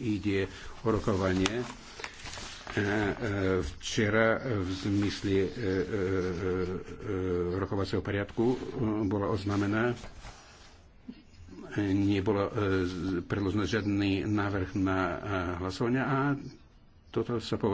ide o rokovanie. E, e, včera v zmysle e, rokovacieho poriadku bola oznámená nebolo predložený žiadny návrh na hlasovanie a toto sa